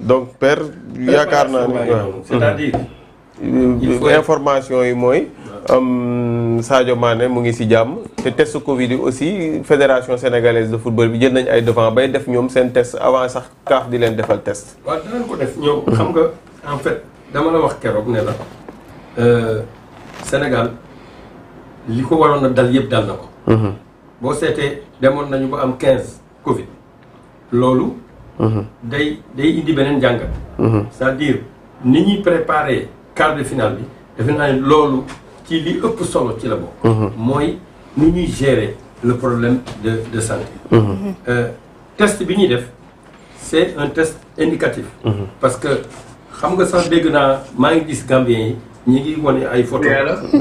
donc père yaakaar naa ni waaw mm-hmm. information yi mooy Sadio Mané mu ngi ci jàmm te test Covid yi aussi fédération sénégalaise de football bi jël nañ ay devant bay def ñoom seen test avant sax kaaf di leen defal test waaw dinañ ko def ñoom xam nga en fait dama la wax keroog ne la euh, Sénégal li ko waroon a dal yëpp dal na ko mm-hmm. boo seetee demoon nañu ba am quinze Covid loolu day day indi beneen jàngat. c'est-à-dire ni ñuy préparer quart de finale bi defe naa loolu ci li ëpp solo ci la bokk. mooy ni ñuy gérer le problème de de santé. Euh, test bi ñuy def c'est un test indicatif. parce que xam nga sax dégg naa maa ngi gis Gambien yi. ñi ngi wone ay photo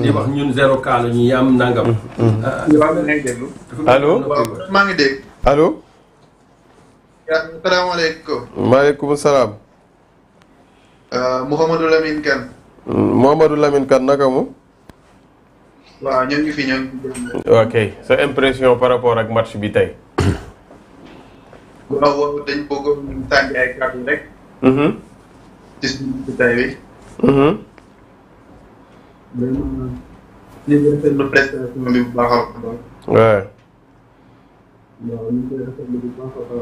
di wax ñun zéro cas la ñuy am nangam. maa ngi dégg allo. salaamaaleykum. maaleykum salaam. Uh, Mouhamadou Lamine Kane. Mouhamadou mm, Lamine Kane naka mu. waaw ñoo fi ñoo ngi ok impression par rapport ak match bi tey. waaw dañ bëggoon tànn ay kàddu rek. Mhm. ci suñu tay bi. Mhm. waaw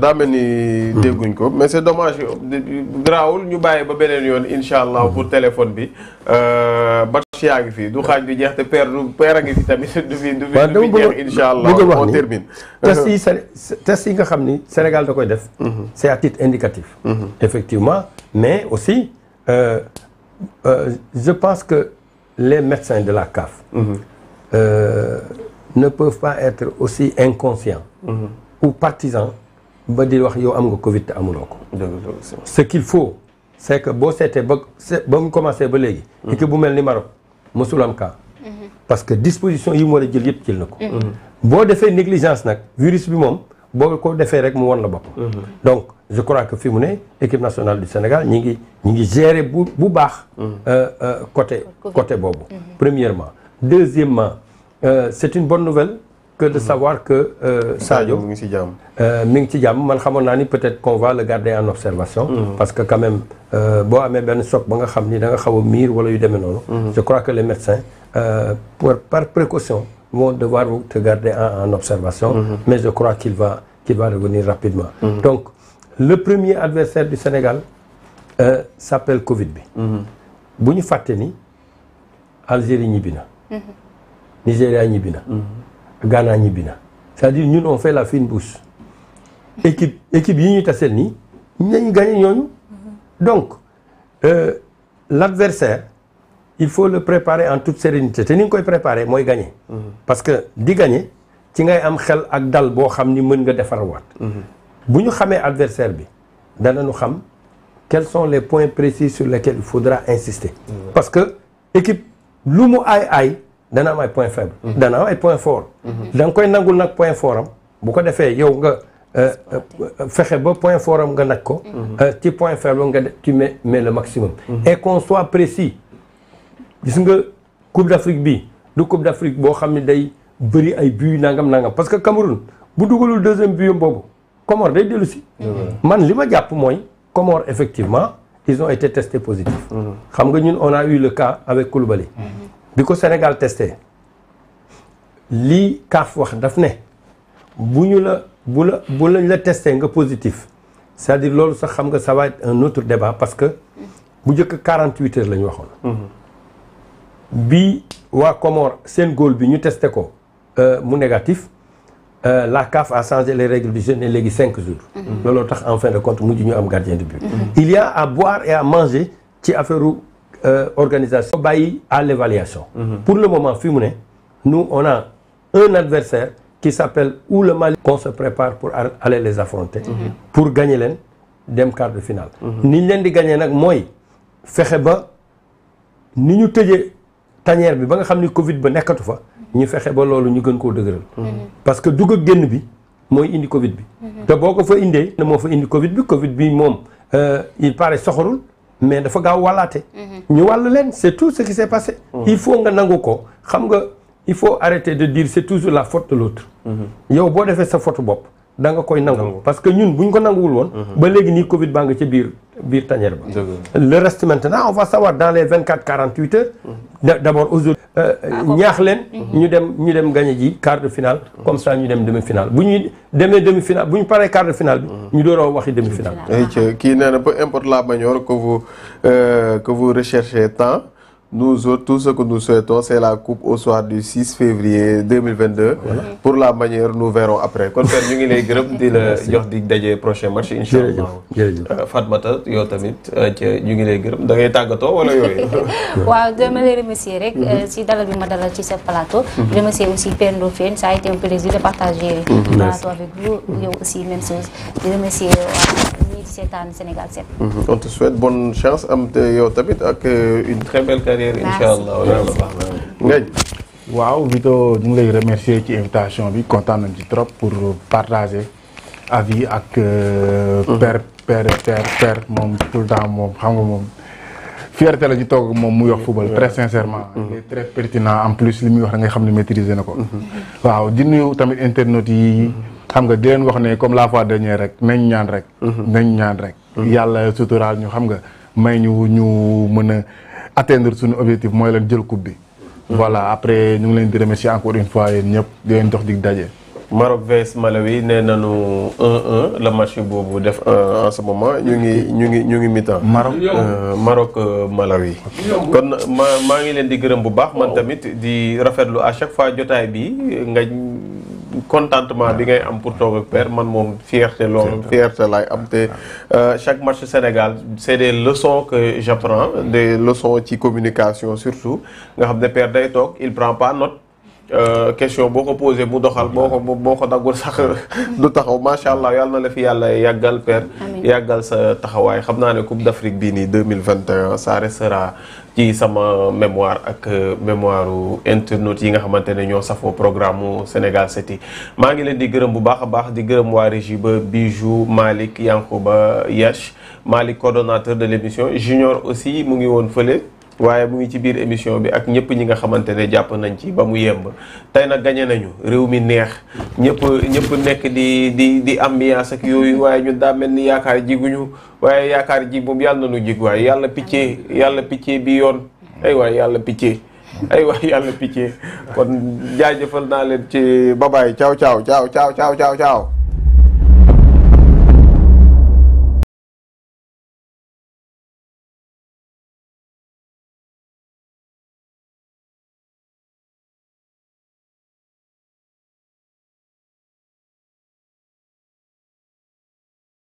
daa mel ni hmm. dégguñ ko mais c'est domage garaawul ñu bàyyi ba beneen yoon incha allah pour hmm. téléphone bi batch euh, yaa ngi fi du xaaj bi jeex te per du per a ngi fi tamit du fi du fi jeex incha allah on termine test uh-huh. yi test yi nga xam ni Sénégal da koy def mm-hmm. c'est à titre indicatif mm-hmm. effectivement mais aussi euh, euh, je pense que les médecins de la CAF euh, ne peuvent pas être aussi inconscients ou partisans ba di wax yow am nga Covid te amuloo ko ce qu'il faut c'est que boo seetee ba ba mu commencé ba léegi mm-hmm. équipe bu mel ni Maroc mosul am mm-hmm. parce que disposition yi mu war a jël yëpp jël na ko mm-hmm. boo defee négligence nag virus bi moom boo ko defee rek mu won la bopp mhm. donc je crois que fi mu ne équipe nationale du Sénégal ñi ngi ñi ngi gérer bu bu baax mhm. euh, euh, côté côté boobu mhm. premièrement deuxièmement euh, c'est une bonne nouvelle que de savoir que euh, mu ngi ci jàmm euh, mi ngi ci jàmm man xamoon naa ni peut-être qu'on va le garder en observation parce que quand même boo amee benn choc ba nga xam ni danga xaw a miir wala yu deme noonu je crois que les médecins euh, pour par précaution vont devoir vous te garder en, en observation. Mm -hmm. Mais je crois qu'il va, va revenir rapidement. Mhm. Donc, le premier adversaire du Sénégal euh, s'appelle Covid bi. Mhm. bu ñu fàtte ni Algérie ñibbi na. Mhm. Nigéria ñibbi na. Ghana ñibbi na. cest dire ñun on fait la fine bouche. équipe équipe yi ñuy taseel nii ñu gagné ñooñu. donc euh, l'adversaire il faut le préparer en toute sérénité te ni nga koy préparer mooy gagner. parce que di gagner ci ngay am xel ak dal boo xam ni mën nga defarawaat. bu ñu xamee adversaire bi dana danañu xam quels son les points précis sur lesquels il faudra insister. parce que équipe lu mu ay ay dana am ay points faibles. dana am ay points forts. da nga koy nangul nag point fort bu ko defee yow nga. Euh, euh, fexe ba point fort nga nag ko. Mm-hmm. Euh, ci point faible nga tu mets mets le maximum. Mm-hmm. et qu'on gis nga coupe d'Afrique bi du coupe d'Afrique boo xam ne day bëri ay buts nangam nangam parce que Cameroun bu dugalul deuxième but boobu Comore day dellu si. man li ma jàpp mooy Comore effectivement ils ont été testés positifs. Mm-hmm. xam nga ñun on a eu le cas avec Koulibaly. Mm-hmm. bi ko Sénégal teste lii CAF wax daf ne bu ñu la bu la bu lañ la testé nga positif c'est-à-dire loolu sax xam nga ça va être un autre débat parce que bu njëkk 48 heures la ñu waxoon. Mm-hmm. bi waa Comore seen góol bi ñu teste ko euh, mu négatif euh, la CAF a changé les règles du jeu ne léegi cinq jours mhm. looloo tax en fin de compte mujj ñu am gardien de but mhm. Mhm. il y a à boire et à manger ci affaire euh, organisation bàyyi à l'évaluation pour le moment fi mu ne nous on a un adversaire qui s'appelle ou le Mali qu'on se prépare pour aller les affronter pour gagner leen dem quart de finale ni leen di gagner nag mooy fexe ba ni ñu tëjee tanière bi ba nga xam ni Covid ba nekkatu fa ñu fexe ba loolu ñu gën koo dëgëral. Mm-hmm. parce que dugg génn bi mooy indi Covid bi. Mm-hmm. te boo ko fa indee moo fa indi Covid bi Covid bi moom euh, il paraît soxorul mais dafa gaaw wàllaate. Mm-hmm. ñu wàll leen c' tout ce qui s' est passé. il faut nga nangu ko xam nga il faut arrêter de dire c' toujours la faute de l' yow boo defee sa faute bopp da nga koy nangu. parce que ñun bu ñu ko nanguwul woon. ba léegi nii Covid baa nga ca biir. biir tañeer ba le reste maintenant on va savoir dans les vingt quatre quarante huit heures d' abord aujourd'hui euh, ah, ñaax leen mhm. ñu dem ñu dem gagné ji quart de finale mhm. comme ça ñu dem demi finale bu ñu demee demi finale bu ñu paree quart de finale bi mhm. ñu dooroo waxi demi finale kii nee na peu importe la manière ko vous euh, que vous recherchez nous autres, tout ce que nous souhaitons, c'est la coupe au soir du février Pour la manière, nous verrons après. kon père ñu ngi lay gërëm di la jox dig daje prochain match in allah. jërëjëf jërëjëf euh, Fatmata yow tamit euh, ñu ngi lay gërëm da ngay tàggatoo wala yooyu. waaw dama lay remercier rek. si euh, dalal bi ma dalal ci sa plateau. Mhm. remercier aussi Pendo Ndofène ça a été un plaisir de partager. Mhm. plateau avec aussi même chose di remercier. di seetaan Sénégal 7. Mhm. on te souhaite bonne chance am te yow tamit ak euh, une très belle carrière. incha allah waaw Vito ñu lay remercier ci invitation bi kontaan nañ ci trop pour partager avis ak. Euh, mhm. père père père père moom tout le temps moom xam nga moom. fierté la ñu toog moom mu wax football très sincèrement. Mhm. il très pertinent en plus li muy wax da ngay xam ne maîtriser na ko. waaw di nuyu tamit internautes yi. xam nga di leen wax ne comme la fois dernière rek nañ ñaan rek. Mhm. nañ ñaan rek. Mhm. yàlla suturaal ñu xam nga may ñu ñu mën a atteindre suñu objectif mooy leen jël kub bi. Mhm. voilà après ñu ngi leen di remercier encore une fois yéen ñëpp di leen jox dig daje. Maroc vs Malawi nee nañu 1-1 la match boobu def en ce moment ñu ngi ñu ngi ñu ngi mi-temps. Maroc euh, Maroc euh, Malawi. kon maa maa ngi leen di gërëm bu baax. man tamit di rafetlu à chaque fois jotaay bi contentement bi ngay am pour toog ak per man moom fierté loolu fierté laay am te ah. euh, chaque match Sénégal c'est des leçons que j'apprends des leçons ci communication surtout nga xam ne père day toog il prend pas note euh, question boo ko posé mu doxal boo ko boo ko daggul sax du taxaw macha allah yàlla na la fi yàlla yàggal père yàggal sa taxawaay xam naa ne Coupe d'Afrique bii nii 2021 ça restera ci sama mémoire ak euh, mémoire internautes yi nga xamante ne ñoo safoo programme mu Sénégal 7 maa ngi leen di gërëm bu baax a baax di gërëm waa régie ba Bijou Malick ba Yash Malick coordonnateur de l' émission Junior aussi mu ngi woon fële. waaye mu ngi ci biir émission bi ak ñëpp ñi nga xamante ne jàpp nañ ci ba mu yemb tey na gañe nañu réew mi neex ñëpp ñëpp nekk di di di ambiance ak yooyu waaye ñun daa mel ni yaakaar jiguñu waaye yaakaar ji moom yàlla na nañu jig waaye yàlla piccé yàlla piccé bi yoon ay waay yàlla piccé ay waay yàlla piccé kon jaajëfal naa leen ci babaay caaw caaw caaw caaw caaw caaw